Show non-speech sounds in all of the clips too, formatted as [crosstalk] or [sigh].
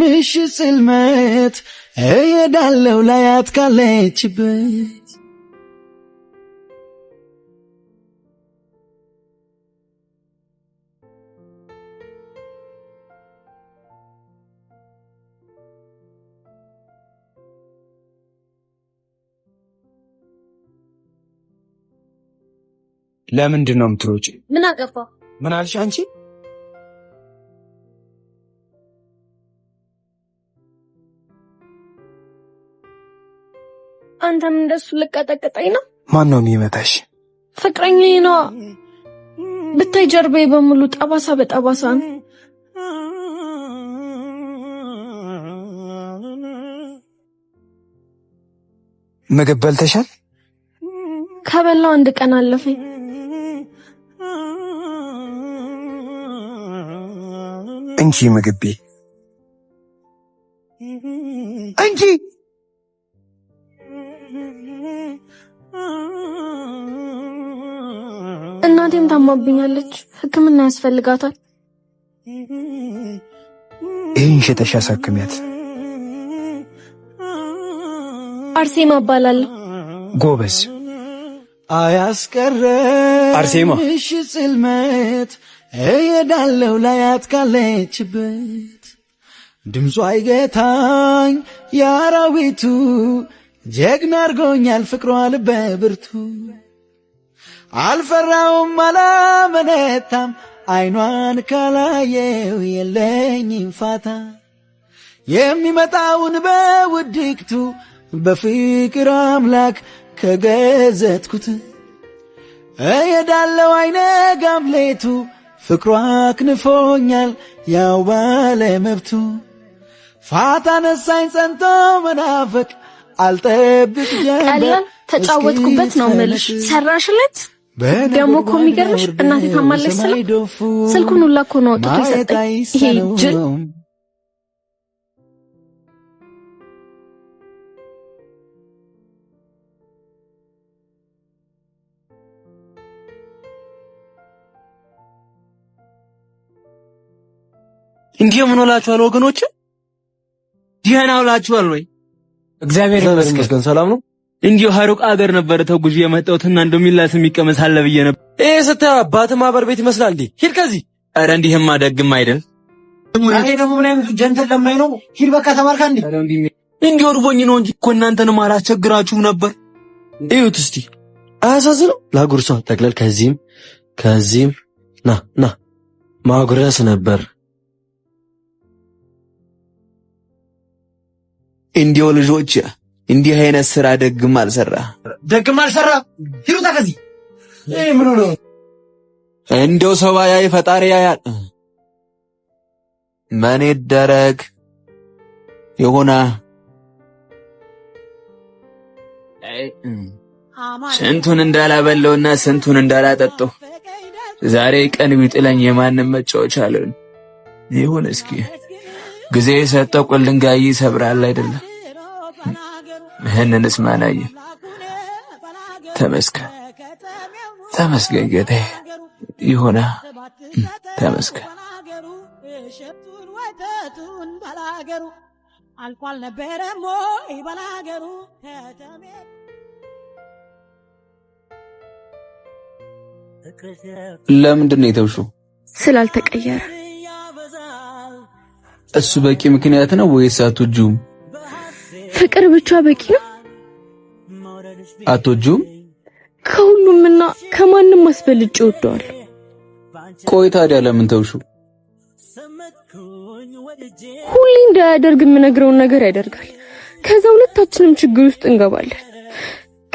ምሽት ጽልመት እየዳለው ላያት ካለችበት ለምንድን ነው የምትሮጪ? ምን አገባ? ምን አልሽ አንቺ? አንተም እንደሱ ልቀጠቅጠኝ ነው? ማን ነው የሚመታሽ? ፍቅረኛ ነው ብታይ፣ ጀርባዬ በሙሉ ጠባሳ በጠባሳ ነው። ምግብ በልተሻል? ከበላው አንድ ቀን አለፈኝ። እንቺ ምግቤ ታማብኛለች። ሕክምና ያስፈልጋታል። ይህን ሸጠሽ አሳክሚያት። አርሴማ እባላለሁ። ጎበዝ። አያስቀረም አርሴማ ጽልመት እየዳለው ላያት ካለችበት ድምፁ አይገታኝ የአራዊቱ ጀግና አድርጎኛል ፍቅሯ ልበ ብርቱ አልፈራውም፣ አላመነታም። አይኗን ከላየው የለኝም ፋታ። የሚመጣውን በውድቅቱ በፍቅር አምላክ ከገዘትኩት እየዳለው አይነ ጋምሌቱ ፍቅሯ አክንፎኛል ያው ባለ መብቱ ፋታ ነሳኝ ጸንቶ መናፈቅ አልጠብቅ ጀበር ተጫወትኩበት ነው ምልሽ ሰራሽለት ደግሞ እኮ የሚገርምሽ እናቴ ታማለች ስለ ስልኩን ሁላ እኮ ነው አውጥቶ የሰጠኝ ይሄ ጅል። እንዲህ ምን ሆላችኋል ወገኖች? ደህና ሆላችኋል ወይ? እግዚአብሔር ይመስገን ሰላም ነው። እንዲሁ ሀሩቅ አገር ነበረ ተጉዤ የመጣሁትና እንደሚላስ የሚቀመስ አለ ብዬ ነበር። ይሄ ስታየው አባት ማህበር ቤት ይመስላል። እንዴ ሂድ ከዚህ። ኧረ እንዲህም አደግም አይደል። አንተ ደግሞ ምን አይነት ጀንተል ለማይ ነው? ሂድ በቃ ተማርካ። እንዴ እንዲህ ወርቦኝ ነው እንጂ እኮ እናንተንም አላስቸግራችሁም ነበር። እዩት እስቲ አያሳዝነው። ላጉርሷ ጠቅለል። ከዚህም ከዚህም ና ና ማጉረስ ነበር። እንዲሁ ልጆች እንዲህ አይነት ስራ ደግም አልሰራ ደግም አልሰራ ሂሩታ ከዚህ እይ ምን ነው እንደው ሰባ ያይ ፈጣሪ ያያል። ማን ይደረግ የሆነ ስንቱን እንዳላበለውና ስንቱን እንዳላጠጠው ዛሬ ቀን ቢጥለኝ የማንም መጫወቻ አለኝ። ይሁን እስኪ ጊዜ የሰጠው ቁልንጋይ ይሰብራል አይደለም ይህንንስ ማን ተመስገን ተመስገን ጌታዬ ይሁና ተመስገን። አልኳል ለምንድን ነው የተውሽው? ስላልተቀየረ። እሱ በቂ ምክንያት ነው ወይስ አትወጂውም? ፍቅር ብቻ በቂ ነው። አትወጂውም? ከሁሉምና ከማንም አስበልጭ እወደዋለሁ። ቆይ ታዲያ ለምን ተውሹ? ሁሌ እንዳያደርግ የምነግረውን ነገር ያደርጋል። ከዛ ሁለታችንም ችግር ውስጥ እንገባለን።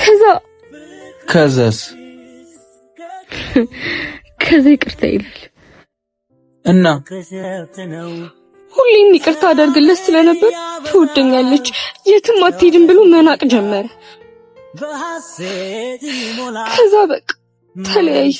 ከዛ ከዛስ ከዛ ይቅርታ ይላል እና ሁሌም ይቅርታ አደርግለት ስለነበር ትወደኛለች፣ የትም አትሄድም ብሎ መናቅ ጀመረ። ከዛ በቃ ተለያየ።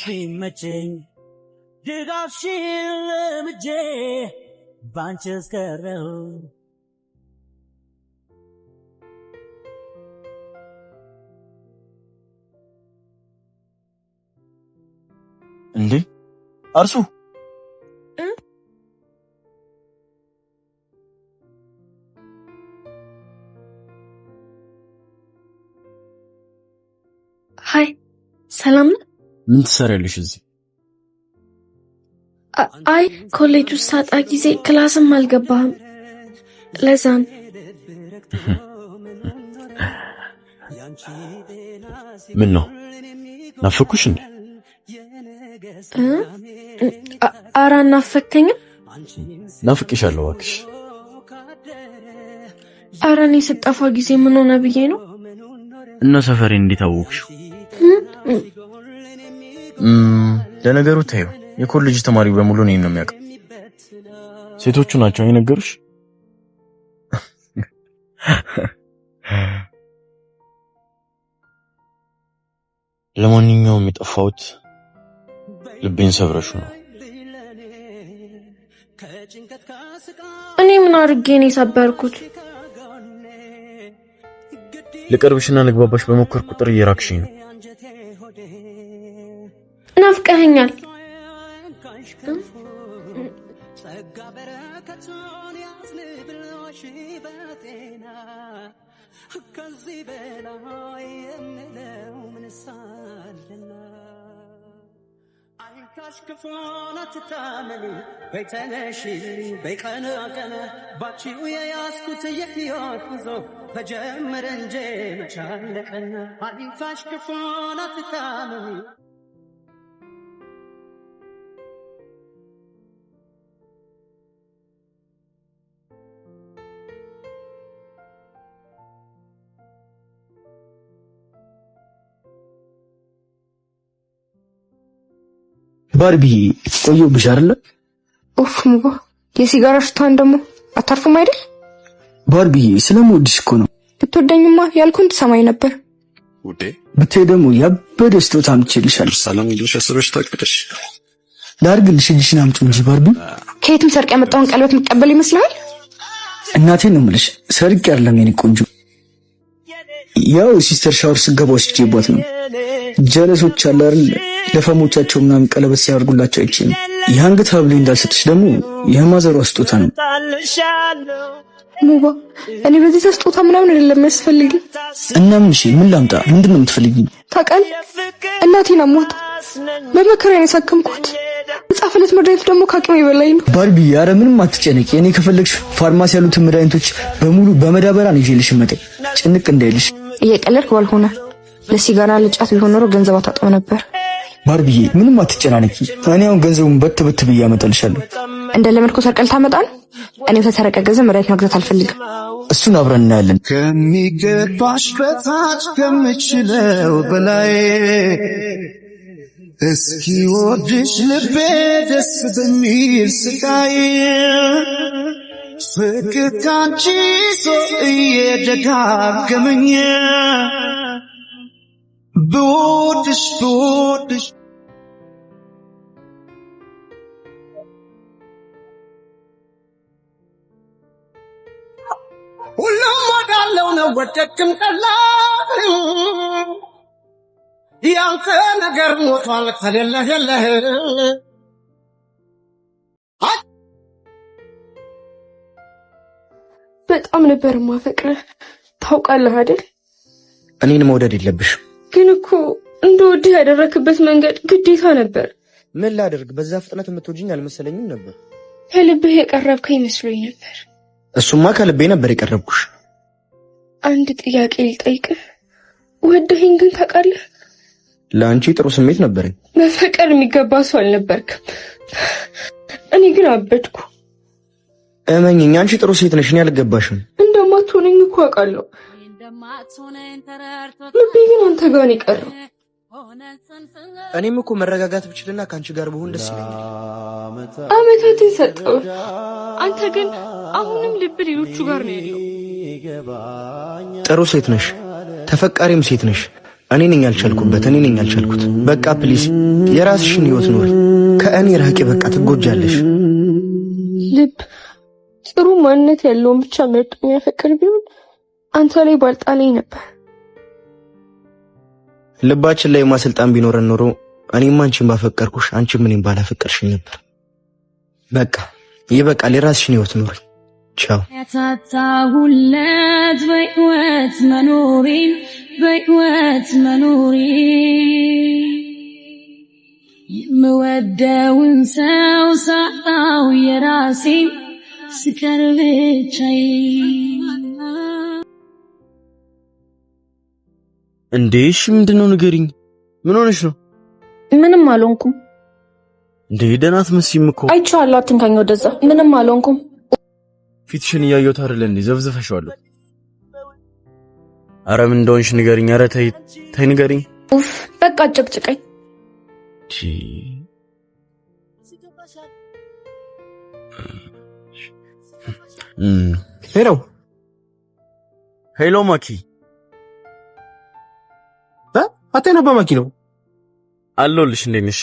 እንዴ አርሱ ምን ትሰሪያለሽ እዚህ? አይ ኮሌጅ ውስጥ ሳጣ ጊዜ ክላስም አልገባህም። ለዛም [laughs] ምን ነው ናፈኩሽ እንዴ? አራ እናፈከኝም። ናፍቅሻለሁ እባክሽ። አረ እኔ ስጠፋ ጊዜ ምን ሆነ ብዬ ነው። እና ሰፈሬ እንዴት አወቅሽው? ለነገሩ ታየው የኮሌጅ ተማሪ በሙሉ እኔን ነው የሚያውቀው። ሴቶቹ ናቸው የነገሩሽ? ለማንኛውም የጠፋሁት ልቤን ሰብረሹ ነው። እኔ ምን አድርጌ ነው የሰበርኩት? ልቀርብሽና ልግባባሽ በሞከር ቁጥር እየራክሽኝ ነው። ናፍቀኸኛል። ተጀመረ እንጂ መቻለቀና አሊፋሽ ክፉን አትታመሚ ባርቢ ቆየሁብሽ አይደለ? ኦፍ ሙጎ የሲጋራ ሽታን ደግሞ አይደል? ባርቢ ስለምወድሽ እኮ ነው። ብትወደኝማ ያልኩን ትሰማኝ ነበር። ውዴ ብታይ ደግሞ ያበደ ስጦታ አምጥቼልሻለሁ። ሰላም ልሽ አስበሽ ታቅደሽ ላድርግልሽ። እጅሽን አምጪ እንጂ ባርቢ። ከየትም ሰርቅ ያመጣውን ቀለበት የምትቀበል ይመስልሃል? እናቴን ነው የምልሽ ሰርቅ ያለም የኔ ቆንጆ ያው ሲስተር ሻወር ስገባ ወስጄባት ነው። ጀለሶች አለ አይደል ለፈሞቻቸው ምናምን ቀለበት ሲያደርጉላቸው አይቼ ነው። የአንገት ሀብሌ እንዳልሰጥሽ ደግሞ የማዘሯ ስጦታ ነው። ሙባ እኔ በዚህ ስጦታ ምናምን አይደለም ያስፈልግ እና ምን ምን ላምጣ? ምንድን ነው የምትፈልጊ? ታውቃለህ፣ እናቴን አሟት በመከራ ነው ያሳከምኳት። ጻፈለት መድኃኒቱ ደግሞ ከአቅሜ በላይ ነው። ባርቢ፣ ያረ ምንም አትጨነቂ። እኔ ከፈለግሽ ፋርማሲ ያሉትን መድኃኒቶች በሙሉ በመዳበራ ነው ይዤልሽ መጠ ጭንቅ እንዳይልሽ እየቀለድክ ባልሆነ ለሲጋራ ለጫት ቢሆን ኖሮ ገንዘብ አታጣም ነበር። ባርብዬ ምንም አትጨናነቂ። እኔ አሁን ገንዘቡን በት በት ብዬ አመጣልሻለሁ። እንደ ለመድኩ ሰርቀል ታመጣል። እኔም ተሰረቀ ገንዘብ መሬት መግዛት አልፈልግም። እሱን አብረን እናያለን። ከሚገባሽ በታች ከምችለው በላይ እስኪ ወድሽ ልቤ ደስ በሚል ስቃይ ፍቅር ካንቺ ሶ እየደጋገመኝ ብወድሽ ብወድሽ ሁሉም ወዳለው ነው ወደድክም ጠላህ ያንተ ነገር ሞቷል ከሌለህ የለህ በጣም ነበር ማፈቅርህ። ታውቃለህ አይደል? እኔን መውደድ የለብሽም። ግን እኮ እንደወድህ ያደረክበት መንገድ ግዴታ ነበር። ምን ላደርግ፣ በዛ ፍጥነት የምትወጂኝ አልመሰለኝም ነበር። ከልብህ የቀረብከ ይመስሎኝ ነበር። እሱማ ከልቤ ነበር የቀረብኩሽ። አንድ ጥያቄ ልጠይቅህ፣ ወደኸኝ ግን ታውቃለህ? ለአንቺ ጥሩ ስሜት ነበረኝ። መፈቀር የሚገባ ሰው አልነበርክም። እኔ ግን አበድኩ። እመኝኝ፣ አንቺ ጥሩ ሴት ነሽ። እኔ አልገባሽም። እንደማትሆነኝ እኮ አውቃለሁ። ልቤ ግን አንተ ጋር ነው የቀረው። እኔም እኮ መረጋጋት ብችልና ከአንቺ ጋር ብሆን ደስ ይለኛል። አመታት ሰጠው። አንተ ግን አሁንም ልብ ሌሎቹ ጋር ነው ያለው። ጥሩ ሴት ነሽ፣ ተፈቃሪም ሴት ነሽ። እኔ ነኝ ያልቻልኩበት፣ እኔ ነኝ ያልቻልኩት። በቃ ፕሊዝ፣ የራስሽን ህይወት ኖሪ። ከእኔ ራቂ። በቃ ትጎጃለሽ ልብ ጥሩ ማንነት ያለውን ብቻ መርጦኝ ያፈቅር ቢሆን አንተ ላይ ባልጣለኝ ነበር። ልባችን ላይ ማሰልጣን ቢኖረን ኖሮ እኔም አንቺን ባፈቀርኩሽ፣ አንቺም እኔም ባላፈቀርሽኝ ነበር። በቃ ይበቃል። የራስሽን ህይወት ኖሪ። ቻው። ያታታሁለት በህይወት መኖሬን በህይወት መኖሬ የምወደውን ሰው ሳጣው የራሴን ስቀርቤ ቻይ እንዴ እሺ ምንድን ነው ንገሪኝ ምን ሆነሽ ነው ምንም አልሆንኩም እንዴ ደህና አትመስይም እኮ አይቼዋለሁ አትንካኝ ወደዛ ምንም አልሆንኩም ፊትሽን እያየሁት አይደለ እንዴ ዘብዝፈሽዋለሁ ኧረ ምን እንደሆንሽ ንገሪኝ ኧረ ተይ ተይ ንገሪኝ ኡፍ በቃ ጨቅጭቀኝ Mm. Hello. Hello, Maki. አቴና በማኪ ነው አለሁልሽ። እንዴት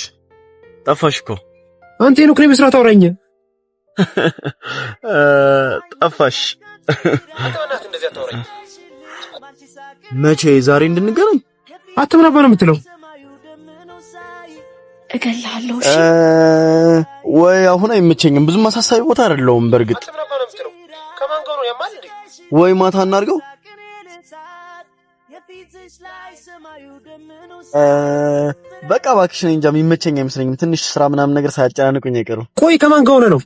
ጠፋሽ እኮ አንተ። ነው ክሬም ስራ ታወራኝ ጠፋሽ። መቼ ዛሬ እንድንገናኝ አትምናባ ነው የምትለው? እገልሃለሁ። እሺ ወይ አሁን አይመቸኝም፣ ብዙም አሳሳቢ ቦታ አይደለውም። በእርግጥ ወይ ማታ እናድርገው። በቃ እባክሽ፣ እኔ እንጃ የሚመቸኝ አይመስለኝም። ትንሽ ስራ ምናምን ነገር ሳያጨናንቁኝ አይቀሩ። ቆይ ከማን ከሆነ ነው?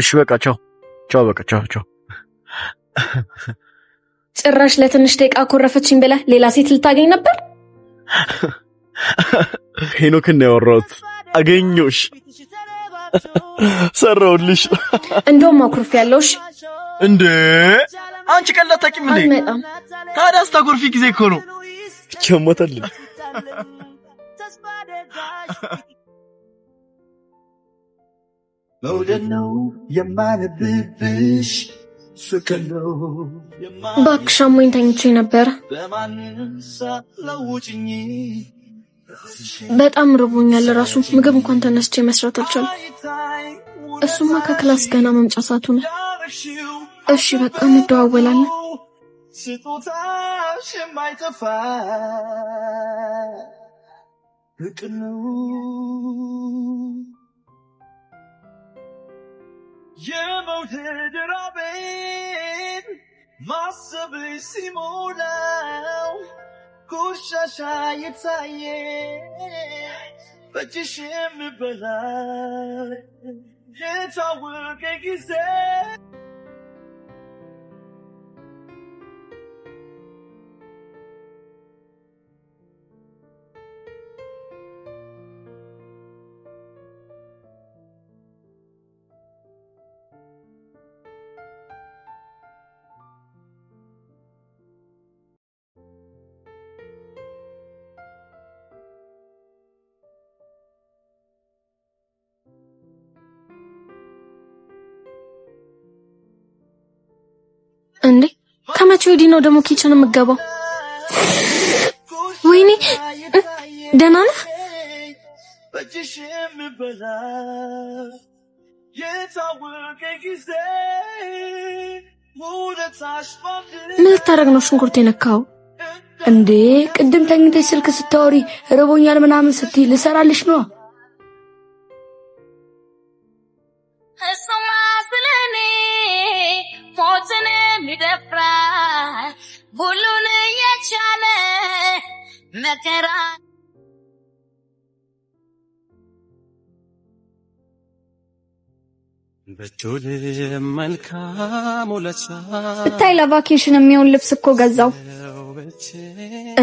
እሺ በቃ ቻው ቻው፣ በቃ ቻው ቻው። ጭራሽ ለትንሽ ደቂቃ ኮረፈችኝ ብለህ ሌላ ሴት ልታገኝ ነበር። ሄኖክን ነው ያወራሁት። አገኘሁሽ። ሰራውልሽ። እንደውም አኩርፍ ያለውሽ እንዴ? አንቺ ቀላል ታቂም እንዴ? አልመጣም። ታዲያ አስታኩርፊ ጊዜ እኮ ነው። ቸሞተልኝ መውደድ ነው የማነብብሽ ባክሽ፣ አሞኝ ተኝቼ ነበር። በጣም ርቦኛል። ራሱ ምግብ እንኳን ተነስቼ መስራት አልቻልኩም። እሱማ ከክላስ ገና መምጫ ሰዓቱ ነው። እሺ በቃ እንደዋወላለን። ስጦታሽ የማይጠፋ ፍቅኑ የመውደድ ራቤን ማሰብሽ ሲሞላው Kusha shayi tsaye Pati shimi belay Yeta It's kekise Kusha shayi tsaye እንዴ ከመቼ ወዲህ ነው ደግሞ ኪችን የምገባው? ወይኔ ደህና ነህ? ምን ልታደርግ ነው ሽንኩርት የነካው? እንዴ ቅድም ተኝተሽ ስልክ ስታወሪ ርቦኛል ምናምን ስትይ ልሰራልሽ ነዋ። መከራ ስታይ ለቫኬሽን የሚሆን ልብስ እኮ ገዛው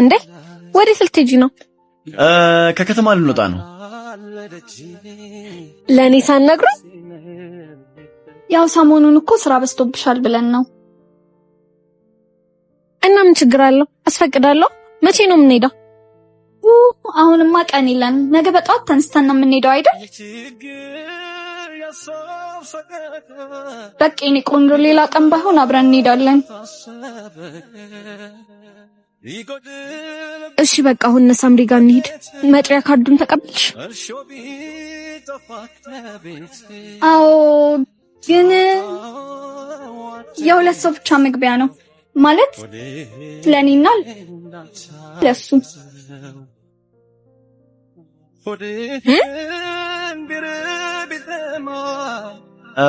እንዴ! ወዴት ልትሄጂ ነው? ከከተማ ልንወጣ ነው። ለእኔ ሳነግሩ ያው ሰሞኑን እኮ ስራ በዝቶብሻል ብለን ነው። እና ምን ችግር አለው? አስፈቅዳለሁ። መቼ ነው የምንሄደው? አሁንማ ቀን የለን። ነገ በጠዋት ተንስተን ነው የምንሄደው አይደል? በቃ የኔ ቆንጆ፣ ሌላ ቀን ባይሆን አብረን እንሄዳለን። እሺ በቃ አሁን እነ ሳምሪ ጋር እንሂድ። መጥሪያ ካርዱን ተቀበልሽ? አዎ፣ ግን የሁለት ሰው ብቻ መግቢያ ነው ማለት ለእኔና ለሱ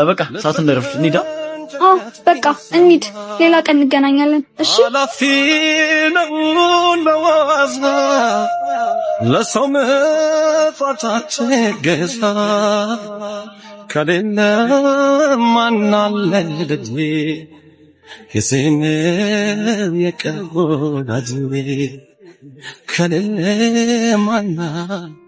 በቃ ሰዓት እንደረፍሽ እንሂዳ። አዎ በቃ እንሂድ፣ ሌላ ቀን እንገናኛለን። እሺ አላፊ ነውን በዋዛ ለሰው መጣታችን ገዛ ከሌለ ማናለ ልጅ የሴን የቀጎዳጅ ከሌለ ማናለ